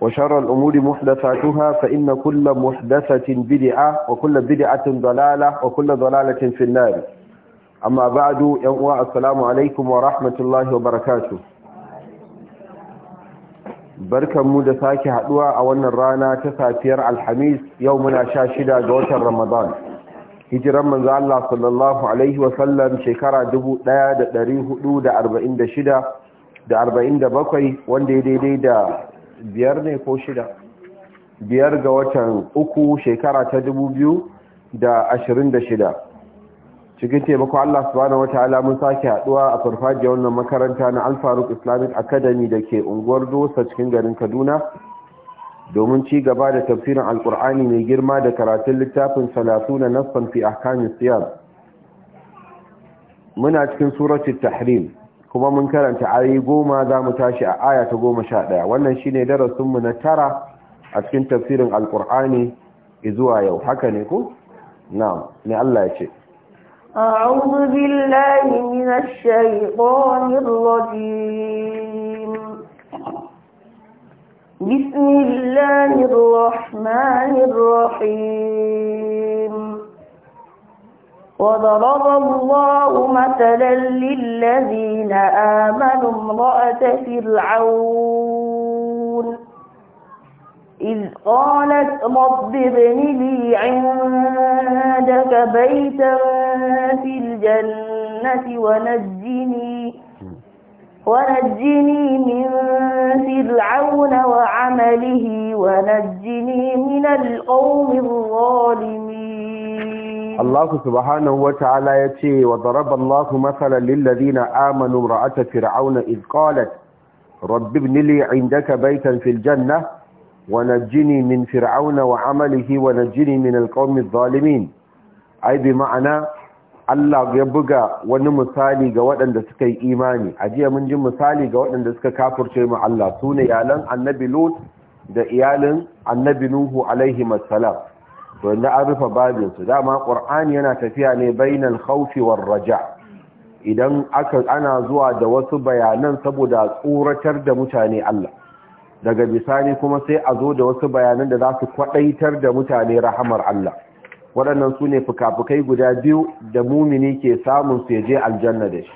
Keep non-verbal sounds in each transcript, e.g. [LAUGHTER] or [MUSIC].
وشر الأمور محدثاتها فإن كل محدثة بدعة وكل بدعة ضلالة وكل ضلالة في النار أما بعد يوم السلام عليكم ورحمة الله وبركاته barkan mu da sake haɗuwa a wannan rana ta safiyar alhamis yau muna sha shida ga watan ramadan hijiran manzo Allah sallallahu alaihi wa sallam shekara 1446 da 47 wanda ya daidai da biyar ne ko shida biyar ga watan uku shekara ta dubu biyu da ashirin da shida cikin taimako Allah subhanahu wataala mun sake haduwa a farfajiyar wannan makaranta na alfaruk Islamic Academy da ke unguwar Dosa cikin garin Kaduna domin ci gaba da tafsirin Alkur'ani mai girma da karatun littafin na Nassan fi Ahkamis siyar muna cikin suratul Tahrim kuma mun karanta ayi goma za mu tashi a aya ta goma sha ɗaya wannan shi ne darasinmu na tara a cikin tafsirin alƙur'ani zuwa yau haka ne ku? na ne Allah ya ce بسم الله الرحمن الرحيم وضرب الله مثلا للذين آمنوا امرأة فرعون إذ قالت رب ابن لي عندك بيتا في الجنة ونجني ونجني من فرعون وعمله ونجني من القوم الظالمين Allah subhanahu wa ta'ala ya ce wa daraba Allah masalan lil ladina amanu ra'ata fir'auna iz rabbi Nili, li 'indaka baytan fil janna wa jini min fir'auna wa 'amalihi wa jini min Alkawmin qaumi ai bi ma'ana Allah ya buga wani misali ga waɗanda suka yi imani a jiya mun ji misali ga waɗanda suka kafurce mu Allah su ne iyalan annabi Lut da iyalin annabi Nuhu alaihi to an rufe babin su dama ƙur'ani yana tafiya ne bainal khawfi war raja idan aka ana zuwa da wasu bayanan saboda tsoratar da mutane Allah daga bisani kuma sai a zo da wasu bayanan da za su kwadaitar da mutane rahamar Allah waɗannan su ne fukafukai guda biyu da mumini ke samun su je aljanna da shi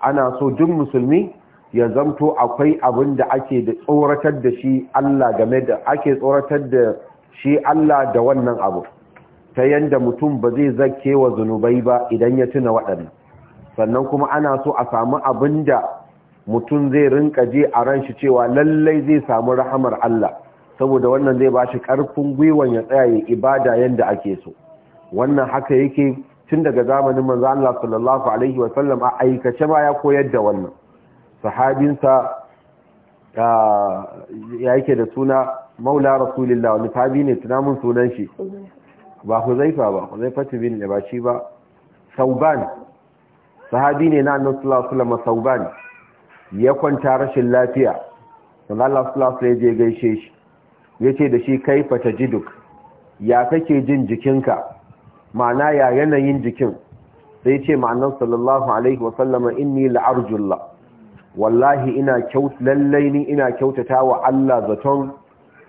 ana so duk musulmi ya zamto akwai abin da ake tsoratar da shi Allah game da ake tsoratar da shi Allah da wannan abu ta yadda mutum ba zai zake wa zunubai ba idan ya tuna waɗannan sannan kuma ana so a samu abin da mutum zai rinka je a ran shi cewa lallai zai samu rahamar Allah saboda wannan zai ba shi ƙarfin gwiwan ya tsaya ya ibada yanda ake so wannan haka yake tun daga zamanin manzo Allah sallallahu alaihi wa sallam a aikace ma ya koyar da wannan sahabinsa ah, ya yake da suna maula rasulillah wani tabi ne tunamin sunan shi ba fa ba fa bin ne ba shi ba sauban sahabi ne na annabi sallallahu alaihi wasallam sauban ya kwanta rashin lafiya sannan Allah sallallahu alaihi wasallam gaishe shi yace da shi kaifa tajiduk ya kake jin jikinka ma'ana ya yanayin jikin sai ce ma'anar sallallahu alaihi wasallama inni la'arjullah wallahi ina lallai ni ina kyautata wa Allah zaton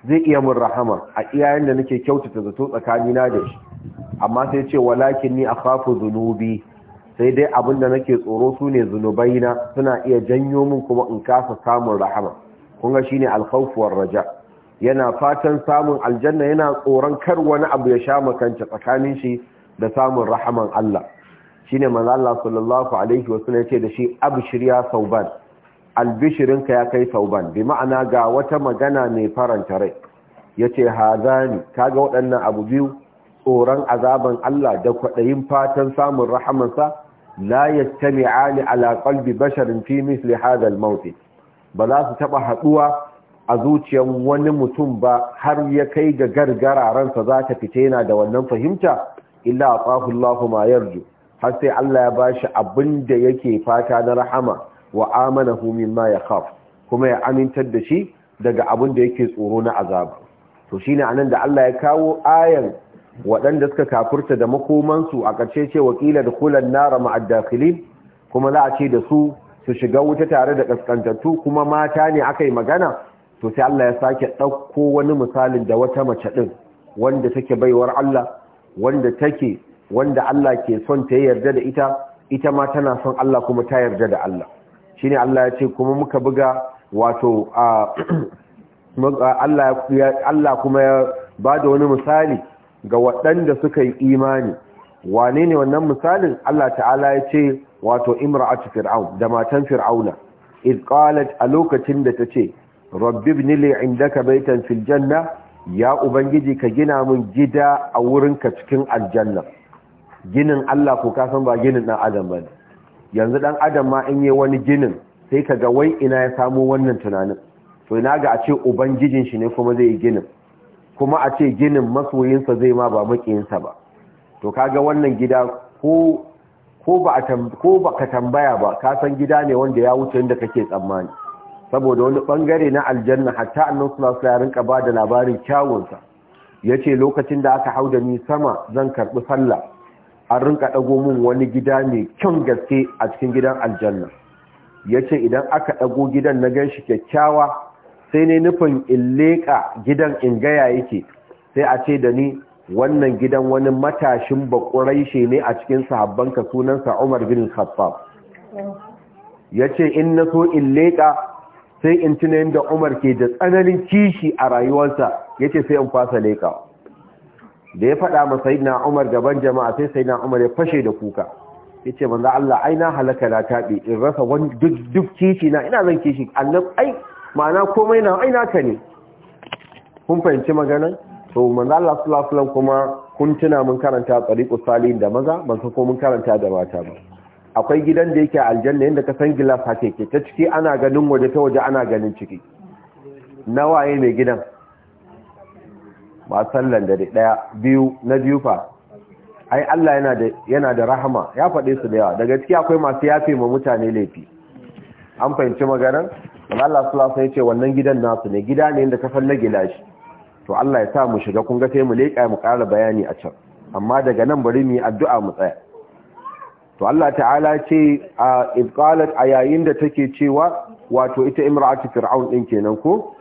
zai iya mun rahama a iyayen da nake kyautata zato tsakanina da shi amma sai ce walakin ni akhafu zunubi sai dai abin da nake tsoro su ne na, suna iya janyo min kuma in kasa samun rahama kun ga shine alkhawfuwar raja yana fatan samun aljanna yana tsoron kar wani abu ya sha makance tsakanin shi da samun rahaman Allah shine manzo Allah sallallahu alaihi wasallam yace da shi abshir ya sauban albishirinka ya kai sauban bi ma'ana ga wata magana mai faranta rai ya ce hazani kaga waɗannan abu biyu tsoron azaban Allah da kwaɗayin fatan samun rahamansa la yastami'ani ala qalbi basharin fi misli hadha al ba za su taɓa haɗuwa a zuciyar wani mutum ba har ya kai ga gargararansa za ta fice yana da wannan fahimta illa atahu Lahu ma yarju har sai Allah ya bashi abin da yake fata na rahama wa amanahu ya yakhaf kuma ya amintar da shi daga abin da yake tsoro na azaba to shine anan da Allah ya kawo ayan waɗanda suka kafurta da makomansu a ƙarshe ce wakila da kulan nara ma'addakhilin kuma za a ce da su su shiga wuta tare da ƙasƙantattu kuma mata ne aka magana to sai Allah ya sake ɗauko wani misalin da wata mace ɗin wanda take baiwar Allah wanda take wanda Allah ke son ta yarda da ita ita ma tana son Allah kuma ta yarda da Allah ne Allah ya ce kuma muka buga wato [CLEARS THROAT] Allah kuma ya ba da wani misali ga waɗanda suka yi imani wane ne wannan misalin Allah ta'ala ya ce wato imra'atu fir'aun da matan fir'auna id a lokacin da ta ce rabbi nile inda ka bai fil janna ya ubangiji ka gina mun gida a wurinka cikin aljanna ginin Allah ko ka ba ginin ɗan adam ne yanzu dan adam ma in yi wani ginin sai ka ga wai ina ya samu wannan tunanin to ina ga a ce ubangijin shi ne kuma zai yi ginin kuma a ce ginin masoyinsa zai ma ba makiyinsa ba to kaga wannan gida ko ko ba ka tambaya ba kasan gida ne wanda ya wuce inda kake tsammani saboda wani bangare na aljanna hatta annan suna sayar yarin ka ba da labarin kyawunsa ya ce lokacin da aka hau da ni sama zan karɓi sallah an rinka ɗago min wani gida mai kyan gaske a cikin gidan aljanna ya ce idan aka ɗago gidan na gan shi kyakkyawa sai ne nufin in leƙa gidan in gaya yake sai a ce da ni wannan gidan wani matashin shi ne a cikin sahabbanka sunansa umar bin khattab ya ce in na so in leƙa sai in tuna da umar ke da tsananin kishi a rayuwarsa ya ce sai in fasa leƙa da ya faɗa ma sai na Umar gaban jama'a sai na Umar ya fashe da kuka yace manzo Allah ai na halaka na tabe in rasa wani duk kishi na ina zan kishi annab ai ma'ana komai na ai naka ne kun fahimci magana to manzo Allah sallallahu alaihi wasallam kuma kun tuna mun karanta tsariqu salihin da maza ban san ko mun karanta da mata ba akwai gidan da yake aljanna inda ka san gilas hake ke ta ciki ana ganin waje ta waje ana ganin ciki Na waye mai gidan ba sallan da daya biyu na biyu fa ai Allah yana da yana da rahama ya faɗe su da yawa daga ciki akwai masu yafe ma mutane laifi an fahimci maganar Allah sallallahu alaihi ce wannan gidan nasu ne gida ne inda ka na gilashi. to Allah ya sa mu shiga kun ga sai mu leƙa mu ƙara bayani a can amma daga nan bari mu yi addu'a mu tsaya to Allah ta'ala ce a ibqalat ayayin da take cewa wato ita imra'atu fir'aun din kenan ko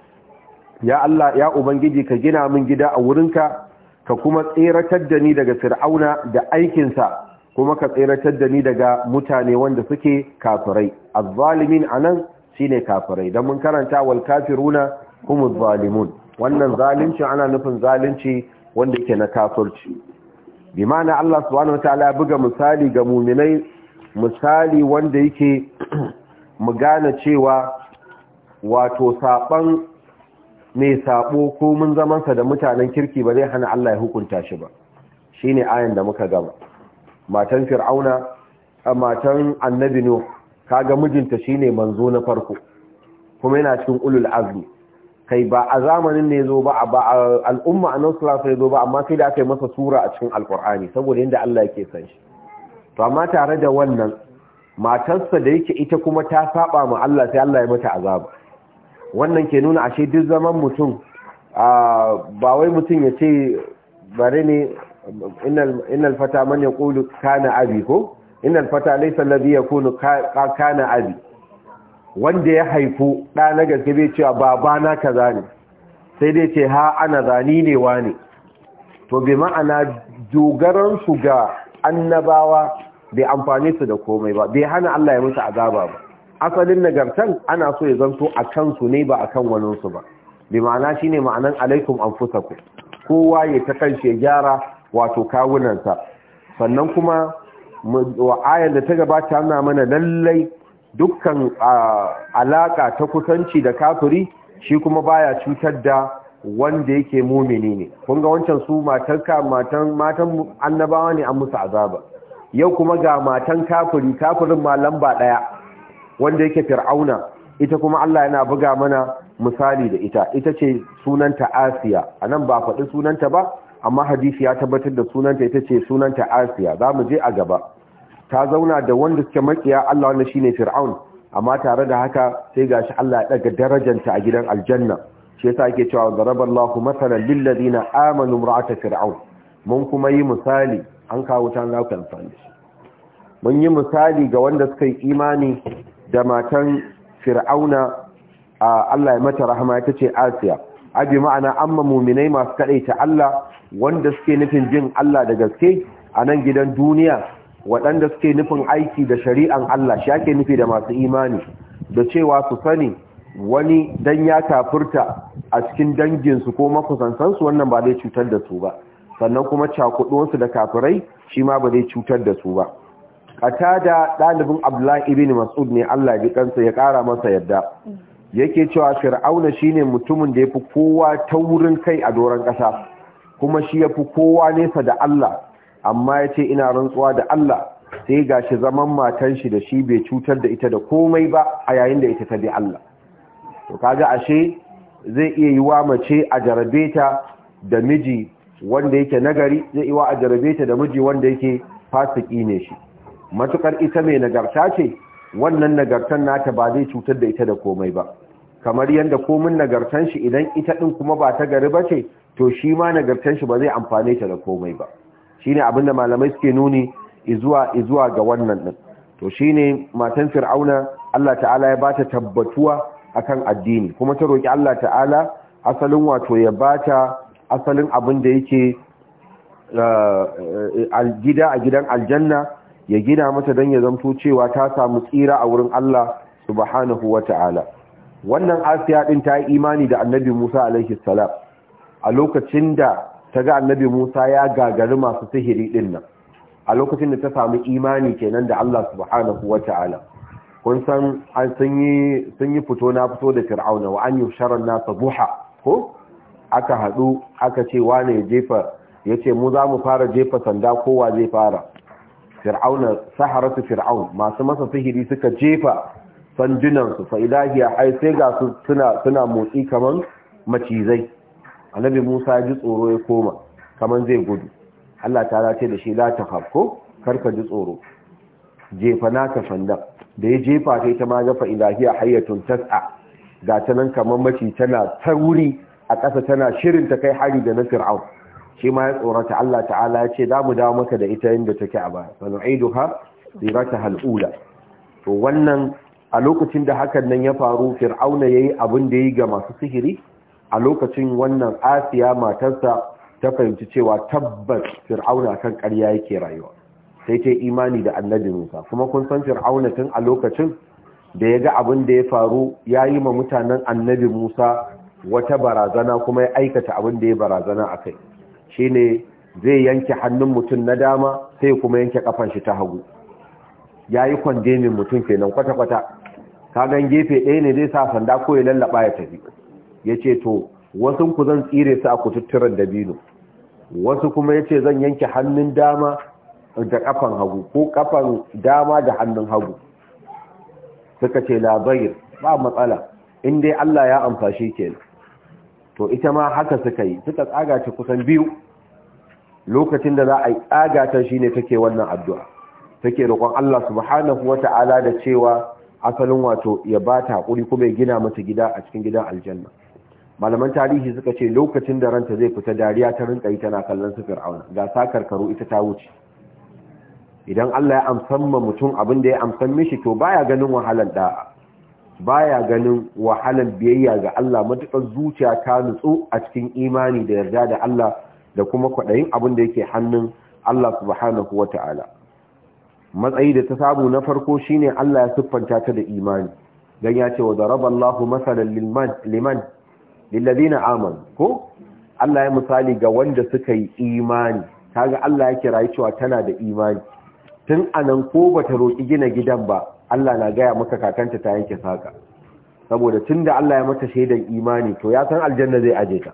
ya Allah ya ubangiji ka gina min gida a wurinka ka kuma tseratar da ni daga fir'auna da aikinsa kuma ka tseratar da ni daga mutane wanda suke kafirai azzalimin anan shine kafirai dan mun karanta wal kafiruna humuz zalimun wannan zalunci ana nufin zalunci wanda yake na kafirci bi ma'ana Allah subhanahu wataala ya buga misali ga mu'minai misali wanda yake mu gane cewa wato saɓan. mai sabo ko mun zamansa da mutanen kirki ba zai hana Allah ya hukunta shi ba shine ayan da muka gama matan fir'auna matan annabi nu kaga mijinta shine manzo na farko kuma yana cikin ulul azmi kai ba a zamanin ne zo ba ba al'umma annabi sallallahu alaihi zo ba amma sai da aka yi masa sura a cikin alqur'ani saboda inda Allah yake san shi to amma tare da wannan matarsa da yake ita kuma ta saba ma Allah sai Allah ya mata azaba wannan ke nuna ashe duk zaman mutum ba wai mutum ya ce bare ne inal fata man ya kulu kana abi ko inal fata laysa alladhi yakunu kana abi wanda ya haifu ɗa na gaske bai cewa babana kaza ne sai dai ce ha ana zani ne ne. to bi ma'ana dogaran su ga annabawa bai amfani su da komai ba bai hana Allah ya musu azaba ba asalin nagartan ana so ya zanto a kansu ne ba a kan waninsu ba bi ma'ana shi ne ma'anan alaikum an fusa ku kowa ya ta kan gyara wato kawunansa sannan kuma wa ayar da ta gabata ana mana lallai dukkan alaka ta kusanci da kafuri shi kuma baya cutar da wanda yake mumini ne kun ga wancan su matanka matan matan annabawa ne an musu azaba yau kuma ga matan kafuri kafurin ma lamba ɗaya. wanda yake fir'auna ita kuma Allah yana buga mana misali da ita ita ce sunanta asiya anan nan ba faɗi sunanta ba amma hadisi ya tabbatar da sunanta ita ce sunanta asiya za mu je a gaba ta zauna da wanda suke makiya Allah wanda shine fir'aun amma tare da haka sai gashi Allah ya daga darajanta a gidan aljanna shi yasa yake cewa daraballahu masalan lil ladina amanu imra'ata fir'aun mun kuma yi misali an kawo ta na kan mun yi misali ga wanda suka yi imani da matan fir'auna a Allah ya mata rahama ya ce asiya abi ma'ana amma muminai masu kadaita Allah wanda suke nufin jin Allah da gaske a nan gidan duniya waɗanda suke nufin aiki da shari'an Allah shi ake nufi da masu imani da cewa su sani wani dan ya kafurta a cikin danginsu ko makusantansu wannan ba zai cutar da su ba sannan kuma cakuɗuwarsu da kafirai shi ma ba zai cutar da su ba Katada ɗalibin abdullahi ibn mas'ud ne Allah ya kansa ya ƙara masa yadda yake cewa fir'auna shine mutumin da yafi kowa ta wurin kai a doron ƙasa, kuma shi yafi kowa nesa da Allah amma ya ce ina rantsuwa da Allah sai ga shi zaman matan shi da shi bai cutar da ita da komai ba a yayin da ita ta bi Allah to kaga ashe zai iya yi wa mace a jarabe ta da miji wanda yake nagari zai iya wa a jarabe ta da miji wanda yake fasiki ne shi matukar ita mai nagarta ce wannan nagartan nata ba zai cutar da ita da komai ba kamar yadda komin nagartan shi idan ita ɗin kuma ba ta gari ba ce to shi ma nagartan shi ba zai amfane ta da komai ba shine abin da malamai suke nuni izuwa izuwa ga wannan din to shi ne matan fir'auna Allah ta'ala ya ba ta tabbatuwa a kan addini kuma ta roƙi Allah ta'ala asalin wato ya ba ta, asalin abin da yake eh, eh, eh, a gida a gidan aljanna ya gina mata don ya zamto cewa ta samu tsira a wurin Allah subhanahu wa ta'ala wannan asiya ɗin ta yi imani da annabi musa alaihi salam a lokacin da ta ga annabi musa ya gagari masu sihiri ɗin nan a lokacin da ta samu imani kenan da Allah subhanahu wa ta'ala kun san sun yi fito na fito da fir'auna wa an yi sharar nasa buha ko aka haɗu aka ce wane jefa ya ce mu za mu fara jefa sanda kowa zai fara fir'auna saharatu fir'aun masu masa sihiri suka jefa sanjunansu fa'idahiya ai sai ga su suna motsi kaman macizai annabi musa ya ji tsoro ya koma kaman zai gudu allah ta ce da shi la ta hafko karka ji tsoro jefa naka sandan da ya jefa sai ta ma ga fa'idahiya hayyatun tas'a ga ta nan kaman maci tana ta a ƙasa tana shirin ta kai hari da na fir'aun shi ma ya tsorata Allah ta'ala ya ce za mu dawo maka da ita inda take a baya sanu'iduha sirataha al-ula to wannan a lokacin da hakan nan ya faru fir'auna yayi abin da yayi ga masu sihiri a lokacin wannan asiya matarsa ta fahimci cewa tabbas fir'auna kan karya yake rayuwa sai ta imani da annabi Musa kuma kun san fir'auna tun a lokacin da ya ga abin da ya faru ya yi ma mutanen annabi Musa wata barazana kuma ya aikata abin da ya barazana a kai shine zai yanke hannun mutum na dama sai kuma yanke kafan shi ta hagu yayi kwandemin mutum kenan kwata kwata kagan gefe ɗaya ne zai sa sanda ko ya lallaba ya tafi yace to wasu ku zan tsire su a kututturan dabino wasu kuma yace zan yanke hannun dama da kafan hagu ko kafan dama da hannun hagu suka ce labayir ba matsala in dai Allah ya amfashe kenan to ita ma haka suka yi suka tsaga kusan biyu lokacin da za a yi tsaga ta shine take wannan addu'a take roƙon Allah subhanahu ta'ala da cewa asalin wato ya ba ta haƙuri kuma ya gina mata gida a cikin gidan aljanna malaman tarihi suka ce lokacin da ranta zai fita dariya ta rinka yi tana kallon su fir'auna ga sa karkaru ita ta wuce idan Allah ya amsan ma mutum abin da ya amsan mishi to baya ganin wahalar da'a baya ganin wahalar biyayya ga Allah matuƙar zuciya ta nutsu a cikin imani da yarda da Allah da kuma kwaɗayin abin da yake hannun Allah subhanahu wa matsayi da ta samu na farko shine Allah ya siffanta ta da imani dan ya ce wa daraballahu masalan liman liman lilladina amanu ko Allah ya misali ga wanda suka yi imani kaga Allah ya kira cewa tana da imani tun anan ko bata roki gina gidan ba Allah na gaya maka kakanta ta yanke saka saboda tunda Allah ya mata shaidan imani to ya san aljanna zai aje ta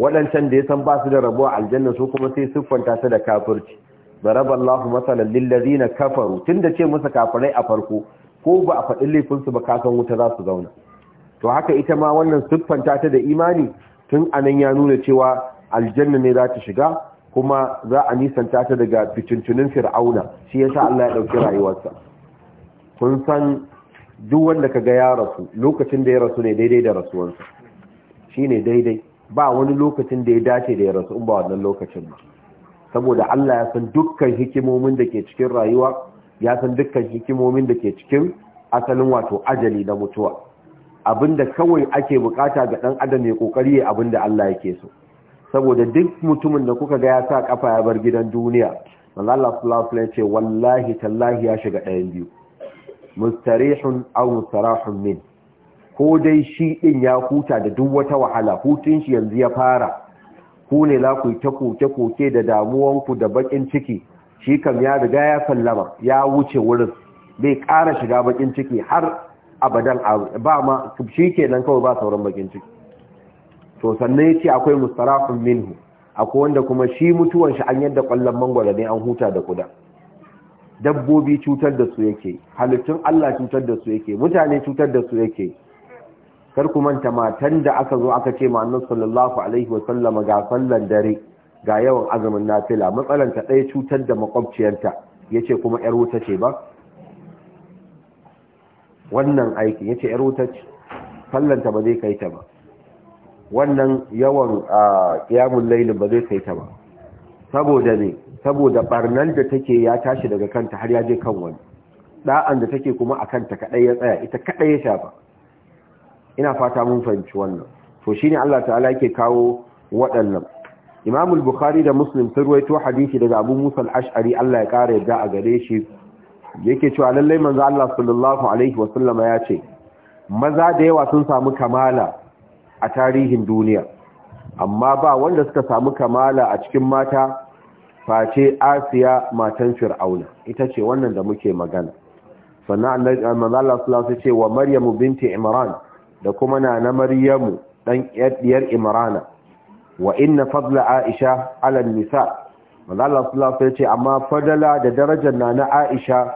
waɗancan da ya san ba su da rabuwa aljanna su kuma sai siffanta su da kafirci barabballahu masalan lil ladina kafaru tunda ce musu kafirai a farko ko ba a faɗin laifinsu ba ka san wuta za su zauna to haka ita ma wannan siffanta ta da imani tun anan ya nuna cewa aljanna ne za ta shiga kuma za a nisanta ta daga fitintunin fir'auna shi yasa Allah ya ɗauki rayuwarsa kun san duk wanda ga ya rasu lokacin da ya rasu ne daidai da rasuwarsa ne daidai ba wani lokacin da ya dace da ya rasu in ba wannan lokacin ba saboda Allah ya san dukkan hikimomin da ke cikin rayuwa ya san dukkan hikimomin da ke cikin asalin wato ajali na mutuwa abinda kawai ake bukata ga dan adam ya kokari ya abinda Allah yake so saboda duk mutumin da kuka ga ya sa kafa ya bar gidan duniya Allah sallallahu alaihi wasallam ce wallahi tallahi ya shiga ɗayan biyu mustarihun aw mustarahun min ko dai shi din ya huta da duk wata wahala hutun shi yanzu ya fara ku ne za ku ta koke koke da damuwanku da bakin ciki shi kam ya riga ya sallama ya wuce wurin bai ƙara shiga bakin ciki har abadan ba ma shi kenan kawai ba sauran bakin ciki to sannan yace akwai mustarafin minhu akwai wanda kuma shi mutuwan shi an yadda kwallon mangwala ne an huta da kuda dabbobi cutar da su yake halittun Allah cutar da su yake mutane cutar da su yake kar ku manta matan da aka zo aka ce ma'annan sallallahu alaihi wa sallama ga sallan dare ga yawan azumin nafila ta ɗaya cutar da makwabciyarta yace kuma yar wuta ce ba wannan aikin yace yar wuta ce ta ba zai kai ta ba wannan yawan ah, qiyamul layl ba zai kai ta ba saboda ne saboda barnan da take ya tashi daga kanta har ya je kan wani da'an da take kuma a kanta kadai ya tsaya ita kadai ya shafa ina fata mun fahimci wannan to shi ne Allah ta'ala yake kawo waɗannan Imamul bukhari da Muslim sun ruwaito hadisi daga Abu Musa al-Ash'ari Allah ya kare yadda a gare shi yake cewa lallai manzo Allah sallallahu alaihi wa sallama ya ce maza da yawa sun samu kamala a tarihin duniya amma ba wanda suka samu kamala a cikin mata face asiya matan fir'auna ita ce wannan da muke magana sannan Allah sallallahu ce wa maryamu binti imran da kuma na maryamu dan yar imrana wa inna fadla aisha ala nisa Allah sallallahu ce amma fadala da darajar na aisha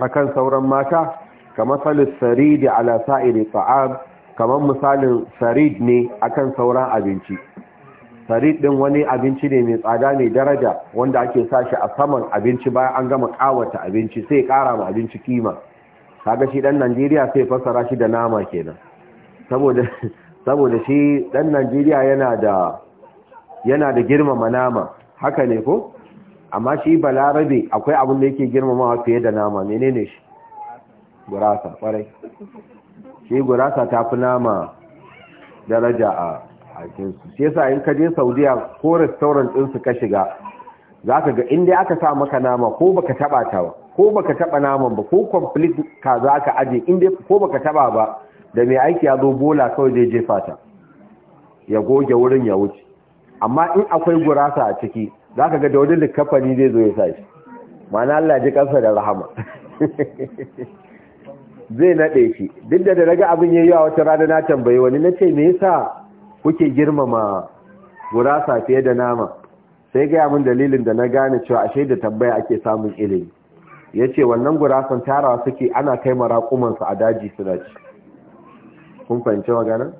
akan sauran mata kamar salis saridi ala sa'iri ta'am kamar misalin sarid ne akan sauran abinci sarid din wani abinci ne mai tsada mai daraja wanda ake sa shi a saman abinci bayan an gama kawata abinci sai kara ma abinci kima kaga shi dan Najeriya sai fassara shi da nama kenan saboda [LAUGHS] saboda shi dan Najeriya yana da da girmama nama haka ne ko amma shi balarabe akwai abin da yake girmamawa fiye da nama menene shi gurasa kwarai shi gurasa ta fi nama daraja a akin su yasa in ka je Saudiya ko restaurant din su ka shiga ka ga inda aka sa maka nama ko baka taba ta ba ko baka taba naman ba ko complete ka za ka aje inda ko baka taba ba da mai aiki ya zo bola kawai zai jefa ta ya goge wurin ya wuce amma in akwai gurasa a ciki ka ga da wani likafani zai zo ya sa shi ma'ana Allah ji kansa da rahama [LAUGHS] zai naɗe shi duk da da daga abin ya yi a wata rana na tambayi wani na ce me yasa kuke girmama gurasa fiye da nama sai gaya min dalilin da na gane cewa ashe da tambaya ake samun ilimi ya ce wannan gurasan tarawa suke ana kai maraƙumansu a daji suna ci kun fahimci magana?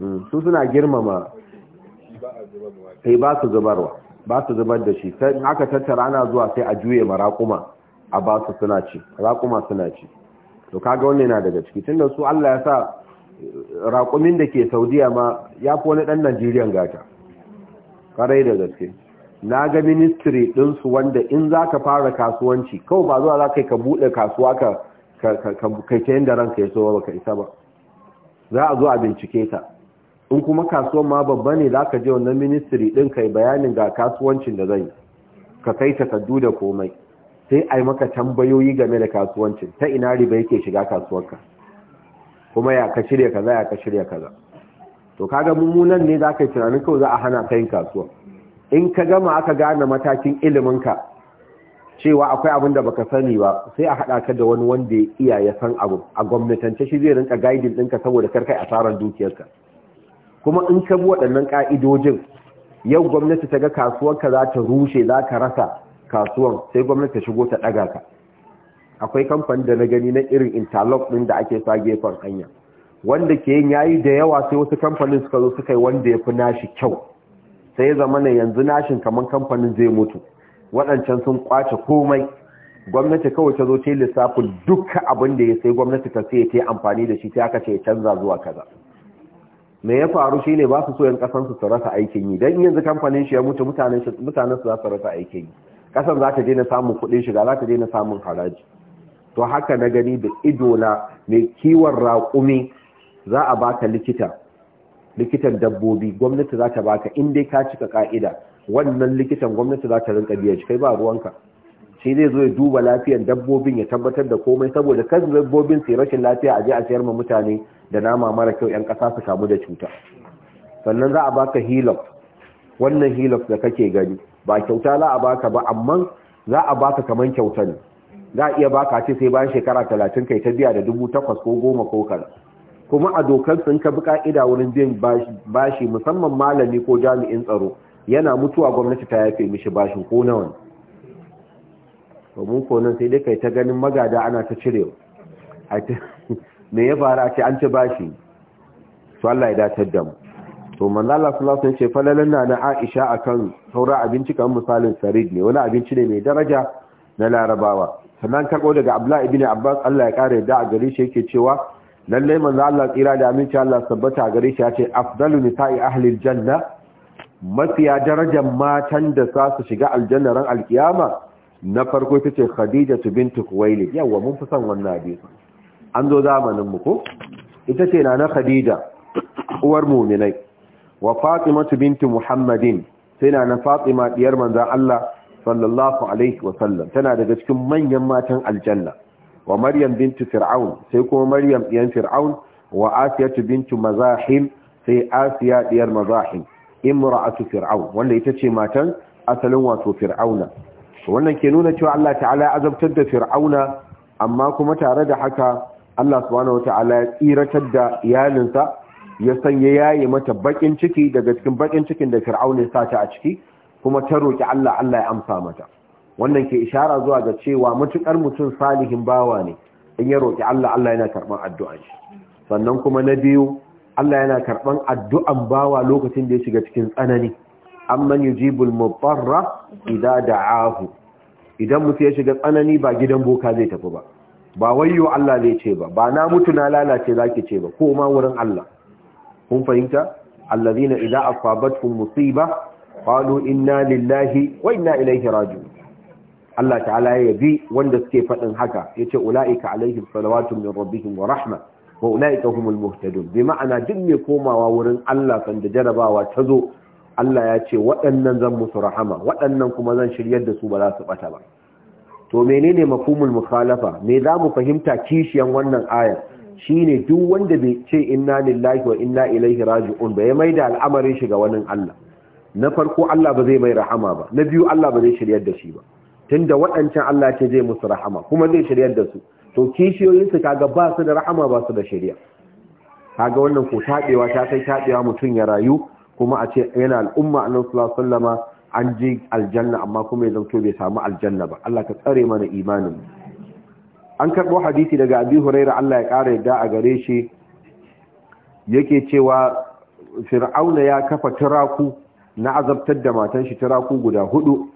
Mm. su suna girmama sai eh, ba su zubarwa ba su zubar da shi sai aka tattara ana zuwa sai a juye maraƙuma a ba su suna ci raƙuma suna ci to kaga wannan na daga ciki tunda su Allah ya sa raƙumin da ke saudiya ma ya fi wani ɗan Najeriya gata ƙarai da gaske na ga ministry ɗinsu wanda in za ka fara kasuwanci kawai ba zuwa za ka yi ka buɗe kasuwa ka kai ta yin da ranka ya sowa ba ka isa ba za a zo a bincike ta in kuma kasuwan ma babba ne za ka je wannan ministry ɗin kai bayanin ga kasuwancin da zai ka kai takardu da komai sai a yi maka tambayoyi game da kasuwancin ta ina riba yake shiga kasuwarka kuma ya ka shirya kaza ya ka shirya kaza to kaga mummunan ne zaka yi tunanin kawai za a hana ka yin kasuwa in ka gama aka gane matakin ilimin ka cewa akwai abin da baka sani ba sai a haɗa ka da wani wanda ya iya ya san abu a gwamnatance shi zai rinka guiding ɗinka saboda kar karkai asarar dukiyarka kuma in ka bi waɗannan ƙa'idojin yau gwamnati ta ga ka za ta rushe za ka rasa kasuwan sai gwamnati ta shigo ta ɗaga ka akwai kamfanin da na gani na irin interlock ɗin da ake sa gefen hanya wanda ke yin yayi da yawa sai wasu kamfanin suka zo suka yi wanda ya fi nashi kyau sai ya zama na yanzu nashin kamar kamfanin zai mutu waɗancan sun kwace komai gwamnati kawai ta zo ta yi lissafin duka abin da ya sai gwamnati ta sai ta yi amfani da shi ta aka ce canza zuwa kaza me ya faru shi ne ba su so yan kasan su rasa aikin yi don yanzu kamfanin shi ya mutu mutanen su za su rasa aikin yi kasan za ta daina samun kuɗin shiga za ta daina samun haraji to haka na gani da idona mai kiwon raƙumi za a baka likita likitan dabbobi gwamnati za ta baka in dai ka cika ka'ida wannan likitan gwamnati za ta rinka biya kai ba ruwanka shi zai zo ya duba lafiyar dabbobin ya tabbatar da komai saboda kan dabbobin su rashin lafiya a je a sayar ma mutane da nama mara kyau yan ƙasa su samu da cuta sannan za a baka hilof wannan hilof da kake gani ba kyauta za a baka ba amma za a baka kamar kyauta ne za a iya baka ce sai bayan shekara talatin kai ta biya da dubu takwas ko goma ko kaza kuma a dokar sun ka bi ka'ida wurin biyan bashi musamman malami ko jami'in tsaro yana mutuwa gwamnati ta yafe mishi bashin ko nawa mun ko nan sai dai kai ta ganin magada ana ta cirewa [LAUGHS] me ya fara ce an ci bashi to Allah ya datar da mu to manzo Allah sallallahu alaihi wasallam ce falalan na Aisha akan saura abinci kan misalin sarid ne wani abinci ne mai daraja na Larabawa sannan karɓo daga abdullahi ibn abbas Allah ya ƙara yadda a gare shi yake cewa lallai manzo Allah tsira da aminci Allah sabbata a gare shi ya ce afdalu nisa'i ahli aljanna mafiya darajar matan da za su shiga aljanna ran alkiyama na farko ita ce Khadija khadijatu bint kuwaili yawa mun fi son wannan hadisi an zo zamanin mu ko ita ce nana khadija uwar mu'minai wa fatimatu bint muhammadin sai nana fatima diyar manzon Allah sallallahu alaihi wasallam tana daga cikin manyan matan aljanna wa maryam bintu fir'aun sai kuma maryam diyan fir'aun wa asiyatu bintu mazahim sai asiya diyar mazahim imra'atu fir'aun wanda ita ce matan asalin wato fir'auna wannan ke nuna cewa Allah ta'ala ya azabtar da fir'auna amma kuma tare da haka Allah subhanahu wata'ala ya tsiratar da iyalinsa ya sanya yayi mata bakin ciki daga cikin bakin cikin da fir'auna ya sata a ciki kuma ta roƙi Allah Allah ya amsa mata wannan ke ishara zuwa ga cewa matukar mutum salihin bawa ne in ya roƙi Allah Allah yana karɓan addu'an shi sannan kuma na biyu Allah yana karɓan addu'an bawa lokacin da ya shiga cikin tsanani amman yujibul mubarra idza da'ahu idan mutum ya shiga tsanani ba gidan boka zai tafi ba ba wayyo Allah zai ce ba ba na mutu na lalace zaki ce ba ko ma wurin Allah kun fahimta allazina idza asabatuhum musiba qalu inna lillahi wa inna ilaihi Allah ta'ala ya yabi wanda suke faɗin haka Ya ce ulaika alaihim salawatu min rabbihim wa rahma wa ulaika humul muhtadun bi ma'ana duk mai komawa wurin Allah kan da jarabawa ta zo Allah ya ce waɗannan zan musu rahama waɗannan kuma zan shiryar da su ba za su bata ba to menene mafhumul mukhalafa me za mu fahimta kishiyan wannan ayar shine duk wanda bai ce inna lillahi wa inna ilaihi raji'un ba ya maida al'amarin shi ga wani Allah na farko Allah ba zai mai rahama ba na biyu Allah ba zai shiryar da shi ba tunda waɗancan Allah ce zai musu rahama kuma zai shiryar da su to kishiyoyin su kaga ba su da rahama ba su da shari'a kaga wannan ko tabewa ta kai tabewa mutun ya rayu kuma a ce yana al'umma annabi sallallahu alaihi wasallama an ji aljanna amma kuma ya to bai samu aljanna ba Allah ka tsare mana imanin an karbo hadisi daga Abi Huraira, Allah ya kare yadda a gare shi yake cewa Fir'auna ya kafa turaku na azabtar da matan shi turaku guda hudu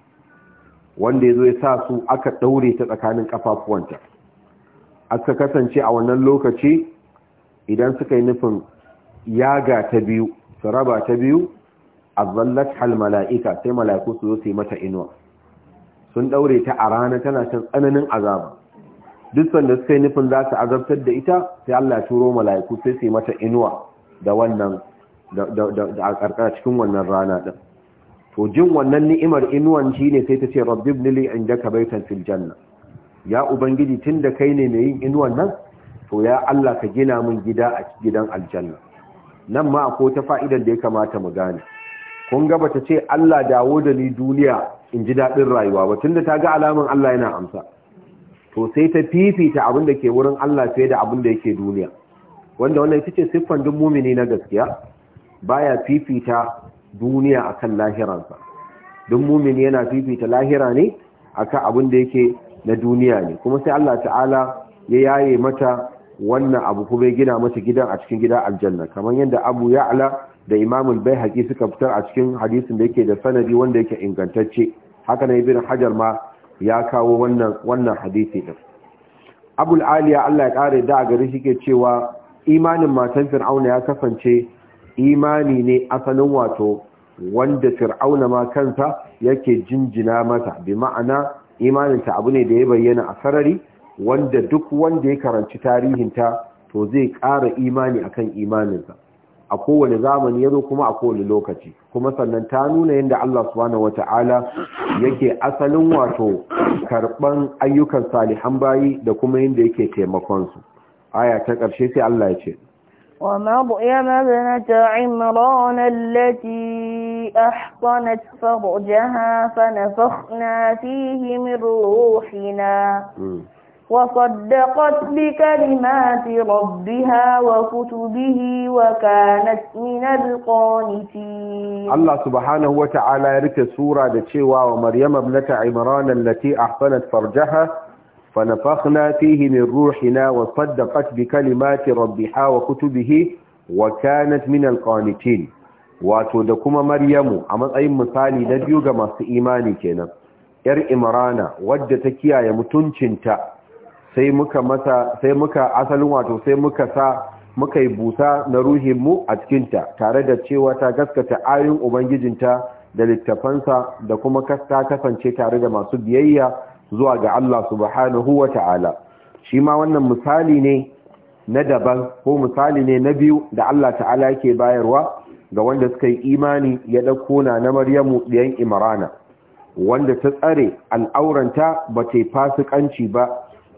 wanda ya zo ya sa su aka daure ta tsakanin kafafuwanta aka kasance a wannan lokaci idan suka yi nufin yaga ta biyu su raba ta biyu a hal halmala'ika sai mala'iku su zo su yi mata inuwa sun daure ta a rana tana can tsananin azaba duk sanda suka yi nufin za su azabtar da ita sai Allah turo mala'iku sai su yi mata inuwa da wannan da a karkara cikin wannan rana din to jin wannan ni'imar inuwan shine sai ta ce rabbi ibn li ka baitan fil janna ya ubangiji tun da kai ne mai yin inuwan nan to ya Allah ka gina min gida a gidan aljanna nan ma ko ta fa'idan da ya kamata mu gane kun ga bata ce Allah dawo da ni duniya in ji daɗin rayuwa ba tunda ta ga alamun Allah yana amsa to sai ta fifita abin da ke wurin Allah fiye da abin da yake duniya wanda wannan ita ce siffan duk mumini na gaskiya baya fifita duniya akan lahiransa duk mumini yana fifita lahira ne akan abin da yake na duniya ne kuma sai Allah ta'ala ya yaye mata wannan abu kuma ya gina mata gidan a cikin gida aljanna kamar yadda abu ya'la da al bai suka fitar a cikin hadisin da yake da sanadi wanda yake ingantacce haka ne ibn hajar ma ya kawo wannan wannan hadisi din al aliya Allah ya kare da gari shi ke cewa imanin matan fir'auna ya kasance imani ne asalin wato wanda fir'auna ma kansa yake jinjina mata bi ma'ana imaninta abu ne da ya bayyana a sarari wanda duk wanda ya karanci tarihinta to zai ƙara imani akan imaninsa a kowane zamani ya zo kuma a kowane lokaci kuma sannan ta nuna yadda Allah subhanahu wata'ala yake asalin wato karban ayyukan salihan bayi da kuma yadda yake taimakonsu aya ta ƙarshe sai Allah ya ce ومريم ابنة عمران التي أحصنت فرجها فنفخنا فيه من روحنا وصدقت بكلمات ربها وكتبه وكانت من القانتين الله سبحانه وتعالى يرك سورة دتشيوا ومريم ابنة عمران التي أحصنت فرجها فنفخنا فيه من روحنا وصدقت بكلمات ربها وكتبه وكانت من القانتين wato da kuma maryamu a matsayin misali na biyu ga masu imani kenan yar imrana wadda ta kiyaye mutuncinta sai muka masa sai muka asalin wato sai muka sa muka yi busa na ruhinmu a cikinta tare da cewa ta gaskata ayoyin ubangijinta da littafansa da kuma ta kasance tare da masu biyayya zuwa ga Allah subhanahu wa ta'ala shi ma wannan misali ne na daban ko misali ne na biyu da Allah ta'ala yake bayarwa ga wanda suka yi imani ya ɗauko na na maryamu ɗiyan imrana wanda ta tsare al'auranta ba ta fasikanci ba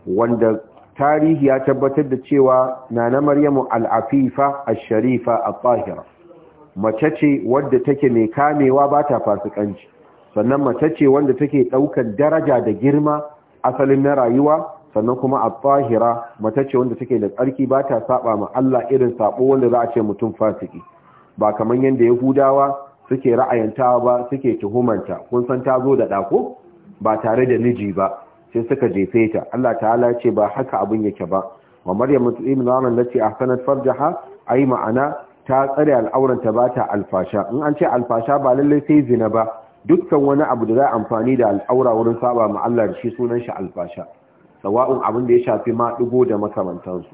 wanda tarihi ya tabbatar da cewa na na maryamu al'afifa a sharifa a tahira mace ce wadda take mai kamewa ba ta fasikanci sannan mace ce wanda take ɗaukan daraja da girma asalin na rayuwa sannan kuma a tahira mace ce wanda take da tsarki ba ta saba ma Allah irin sabo wanda za a ce mutum fasiki ba kamar yadda yahudawa suke ra'ayantawa ba suke tuhumanta kun san ta zo da dako ba tare da miji ba sai suka jefe ta Allah ta'ala ce ba haka abin yake ba wa maryam ibn da lati ahsanat farjaha ai ma'ana ta tsare al'auranta ba ta alfasha in an ce alfasha ba lallai sai zina ba dukkan wani abu da za a amfani da al'aura wurin saba ma Allah da shi sunan shi alfasha sawa'un abin da ya shafi ma dugo da makamantansu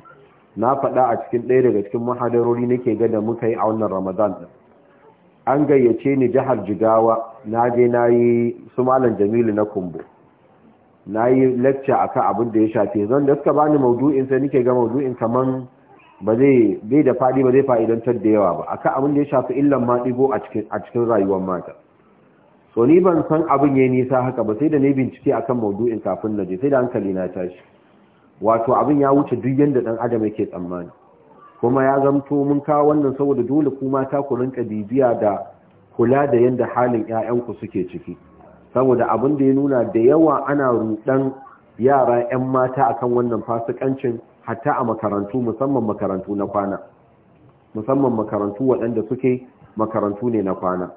na faɗa a cikin ɗaya daga cikin mahadarori nake ga da muka yi a wannan Ramadan din an gayyace ni jihar Jigawa na je na yi su malam Jamilu na Kumbo na yi lecture akan abin da ya shafi zan da suka bani maudu'in sai nake ga maudu'in kaman ba zai bai da faɗi ba zai fa'idantar da yawa ba akan abin da ya shafi illan ma a cikin rayuwar mata so ni ban san abin ya yi nisa haka ba sai da ne bincike akan maudu'in kafin na je sai da hankali na tashi wato abin ya wuce duk yanda ɗan adam yake tsammani kuma ya zamto mun kawo wannan saboda dole kuma ta ku rinka bibiya da kula da yanda halin ƴaƴanku suke ciki saboda abin da ya nuna da yawa ana rudan yara ƴan mata akan wannan fasikancin hatta a makarantu musamman makarantu na kwana musamman makarantu waɗanda suke makarantu ne na kwana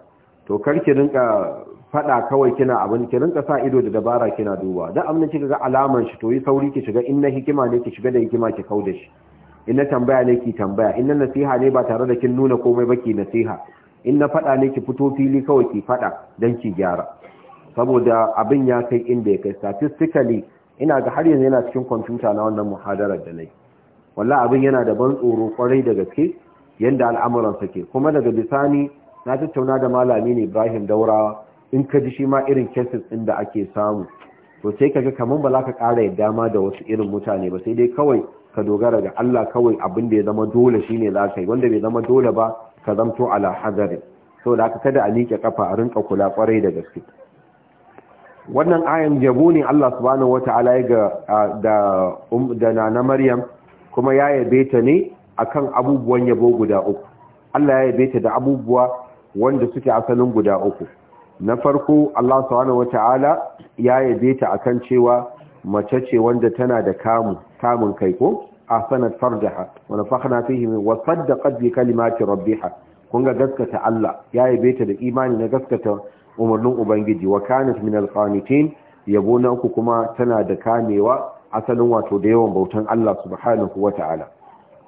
to ki rinka fada kawai kina abin ki rinka sa ido da dabara kina duba da amma kika ga alaman shi to yi sauri ki shiga inna hikima ne ki shiga da hikima ki kauda shi in na tambaya ne ki tambaya in nasiha ne ba tare da kin nuna komai ba ki nasiha in na fada ne ki fito fili kawai ki fada dan ki gyara saboda abin ya kai inda ya kai statistically ina ga har yanzu yana cikin kwamfuta na wannan muhadarar da nai wallahi abin yana da ban tsoro kwarai da gaske yanda al'amuran ke kuma daga bisani na tattauna da malami ne Ibrahim Daurawa in ka ji shi ma irin cases din da ake samu to sai kaga kaman ba za ka ƙara yadda ma da wasu irin mutane ba sai dai kawai ka dogara ga Allah kawai abin da ya zama dole shine za ka yi wanda bai zama dole ba ka zamto ala so da ka kada a nike kafa a rinka kula kwarai da gaske wannan ayan Jabu ne Allah subhanahu wata'ala ya ga da um da nana Maryam kuma ya yabe ta ne akan abubuwan yabo guda uku Allah ya yabe ta da abubuwa wanda suke asalin guda uku na farko Allah subhanahu wata'ala ya yabe ta akan cewa mace ce wanda tana da kamun kamun kai ko ahsanat farjaha wa nafakhna fihi wa saddaqat bi kalimati rabbiha kun ga gaskata Allah ya yabe ta da imani na gaskata umarnin ubangiji wa kanat min alqanitin yabo na uku kuma tana da kamewa asalin wato da yawan bautan Allah subhanahu wata'ala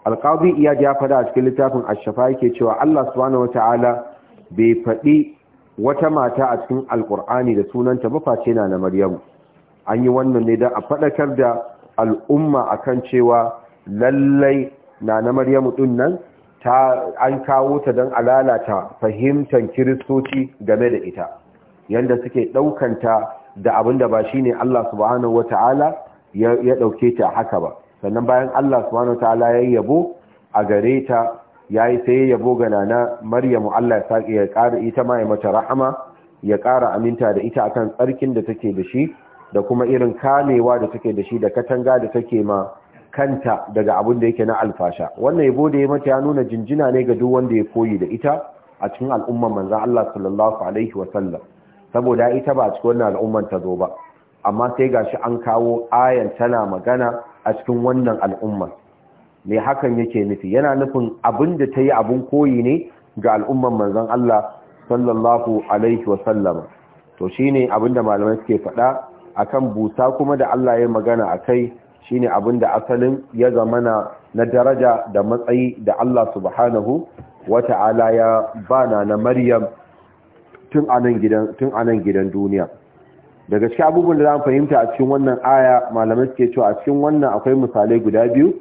alqadi iyad ya fada a cikin littafin ash-shafa yake cewa Allah subhanahu wata'ala bai faɗi wata mata a cikin Alƙur'ani da sunanta ba na na maryamu an yi wannan ne don a faɗakar da al'umma a kan cewa lallai na na maryamu ɗin nan ta an kawo ta don alalata fahimtar kiristoci game da ita yadda suke ɗaukanta da abin da ba shi ne Allah subhanahu wa ta'ala ya ɗauke ta haka ba sannan bayan Allah subhanahu wa ta'ala ya yabo a gare ta Ya yi sai yabo ga nana Maryamu Allah ya saki ya ƙara ita ma ya mata rahama ya ƙara aminta da ita akan tsarkin da take da shi da kuma irin kamewa da take da shi da katanga da take ma kanta daga abin da yake na alfasha wannan yabo da ya mata ya nuna jinjina ne ga duk wanda ya koyi da ita a cikin al'umman manzo Allah sallallahu alaihi wa sallam saboda ita ba a cikin wannan al'umman ta zo ba amma sai gashi an kawo ayan tana magana a cikin wannan al'umman me hakan yake nufi yana nufin abin da ta yi abin koyi ne ga al'umman manzon Allah sallallahu alaihi wasallam to ne abin da malamai suke faɗa kan busa kuma da Allah ya magana a kai, shi ne abin da asalin ya zamana na daraja da matsayi da Allah subhanahu wata'ala ya ba na Maryam tun anan gidan duniya daga cikin abubuwan da zamu fahimta a cikin wannan aya malamai suke cewa a cikin wannan akwai misalai guda biyu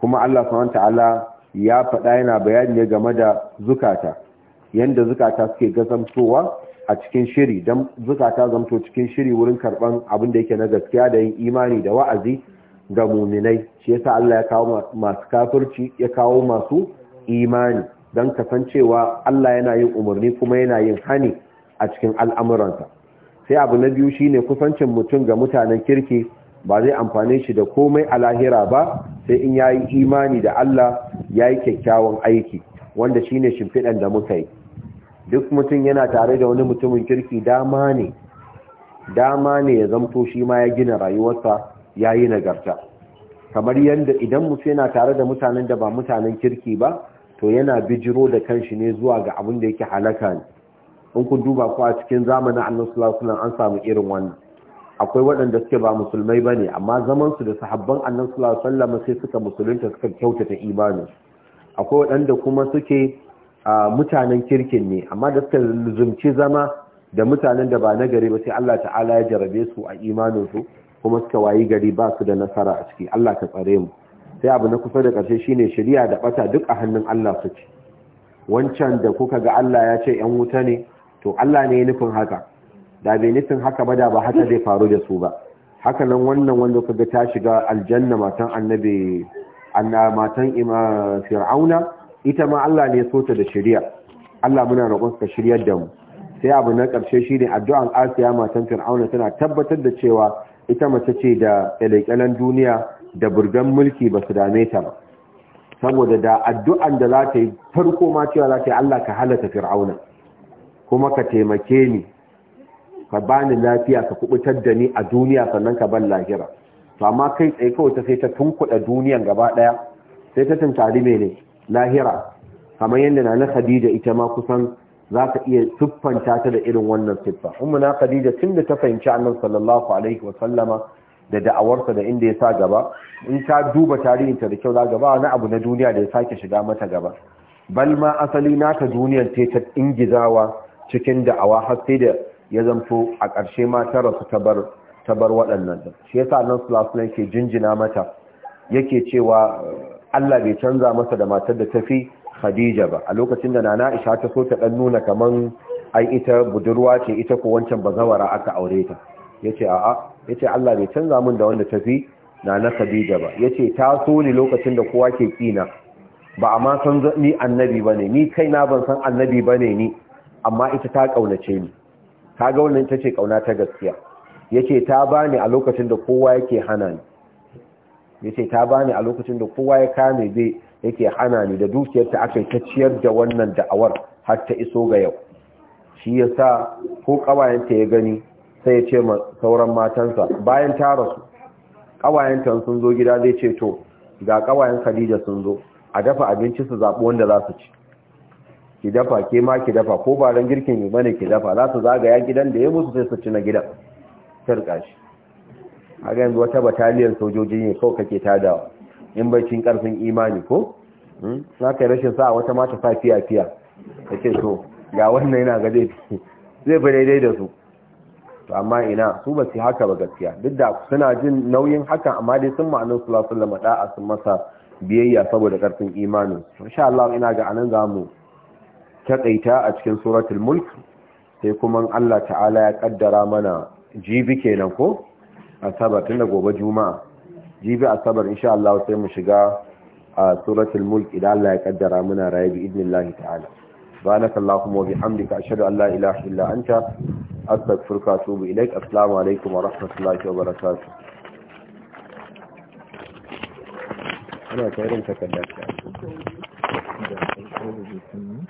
kuma Allah subhanahu ta'ala ya faɗa yana bayani ne game da zukata yanda zukata suke gazamtowa a cikin shiri dan zukata zamto cikin shiri wurin karban abin da yake na gaskiya da yin imani da wa'azi ga muminai shi yasa Allah ya kawo masu kafirci ya kawo masu imani don kasancewa Allah yana yin umarni kuma yana yin hani a cikin al'amuransa sai abu na biyu shine kusancin mutum ga mutanen kirki ba zai amfane shi da komai a lahira ba sai in yayi imani da Allah yayi kyakkyawan aiki wanda shine shimfidan da muka yi duk mutum yana tare da wani mutumin kirki dama ne dama ne ya zamto shi ma ya gina rayuwarsa yayi nagarta kamar yadda idan mutum yana tare da mutanen da ba mutanen kirki ba to yana bijiro da kanshi ne zuwa ga abin da yake halaka ne in ku duba ku a cikin zamanin annabi sallallahu alaihi wasallam an samu irin wannan akwai waɗanda suke ba musulmai ba ne amma zamansu da sahabban annan sallama sai suka musulunta suka kyautata imanin akwai waɗanda kuma suke mutanen kirkin ne amma da suka zumci zama da mutanen da ba na gari ba sai Allah ta'ala ya jarabe su a imaninsu kuma suka wayi gari ba su da nasara a ciki Allah ka tsare mu sai abu na kusa da ƙarshe shine shari'a da bata duk a hannun Allah su ce wancan da kuka ga Allah ya ce 'yan wuta ne to Allah ne ya nufin haka da bai nufin haka ba da ba haka zai faru da su ba haka nan wannan wanda kaga ta shiga aljanna matan annabi anna matan ima fir'auna ita ma Allah ne so da shari'a Allah muna roƙon ka shiryar da mu sai abu na ƙarshe shine addu'an Asiya matan fir'auna tana tabbatar da cewa ita mace ce da kyale-kyalen duniya da burgan mulki ba su dame ta ba saboda da addu'an da za ta yi farko ma cewa za ta yi Allah ka halaka fir'auna kuma ka taimake ni ka bani lafiya ka kubutar da ni a duniya sannan ka ban lahira to amma kai tsaye kawai ta sai ta tunkuɗa duniyan gaba ɗaya sai ta tuntari ne. lahira kamar yadda na na khadija ita ma kusan za ka iya siffanta ta da irin wannan siffa umma na khadija tun da ta fahimci annan sallallahu alaihi wa sallama da da'awarsa da inda ya sa gaba in ta duba tarihinta da kyau za gaba na abu na duniya da ya sake shiga mata gaba Balma ma asali ta duniyar ta ingizawa cikin da'awa har sai da ya zanto a ƙarshe ma ta rasu ta bar waɗannan da shi yasa nan sulasula ke jinjina mata yake cewa Allah bai canza masa da matar da tafi Khadija ba a lokacin da nana Aisha ta so ta ɗan nuna kamar ai ita budurwa ce ita ko wancan bazawara aka aure ta yace a'a yace Allah bai canza min da wanda tafi nana Khadija ba yace ta so ni lokacin da kowa ke kina ba a ma san ni annabi ba ne ni kaina ban san annabi ba ne ni amma ita ta ƙaunace ni kaga wannan ita ce kauna ta gaskiya yace ta bani a lokacin da kowa yake hana ni yace ta bani a lokacin da kowa ya kame zai yake hana ni da dukiyarta aka ta ciyar da wannan da'awar har ta iso ga yau shi yasa ko kawayenta ya gani sai ya ce sauran matansa bayan ta rasu ƙawayenta sun zo gida zai ce to ga ƙawayen Khadija sun zo a dafa abinci su zaɓi wanda za su ci ki dafa ke ma ki dafa ko ba ran girkin yi bane ki dafa za su zagaya gidan da ya musu sai su ci na gidan tarka shi a ga yanzu wata bataliyar sojoji ne kawai kake tadawa in bai cin karfin imani ko hmm? za ka rashin sa wata mata sa fiya fiya ta ce to ga wannan yana ga zai zai fi daidai da su to amma ina su ba su haka ba gaskiya duk da suna jin nauyin haka amma dai sun ma'anin su lasu a da'a sun masa biyayya saboda karfin imanin insha Allah ina ga anan za mu taƙaita a cikin suratul mulk sai kuma Allah ta'ala ya ƙaddara mana jibi kenan ko asabar tun da gobe juma'a jibi asabar insha Allah sai mu shiga a suratul mulk idan Allah ya ƙaddara mana raye bi idnillahi ta'ala subhanaka allahumma wa bihamdika ashhadu an la ilaha illa anta astaghfiruka wa atubu ilaik assalamu alaikum wa rahmatullahi wa barakatuh ana tsarin takardar ta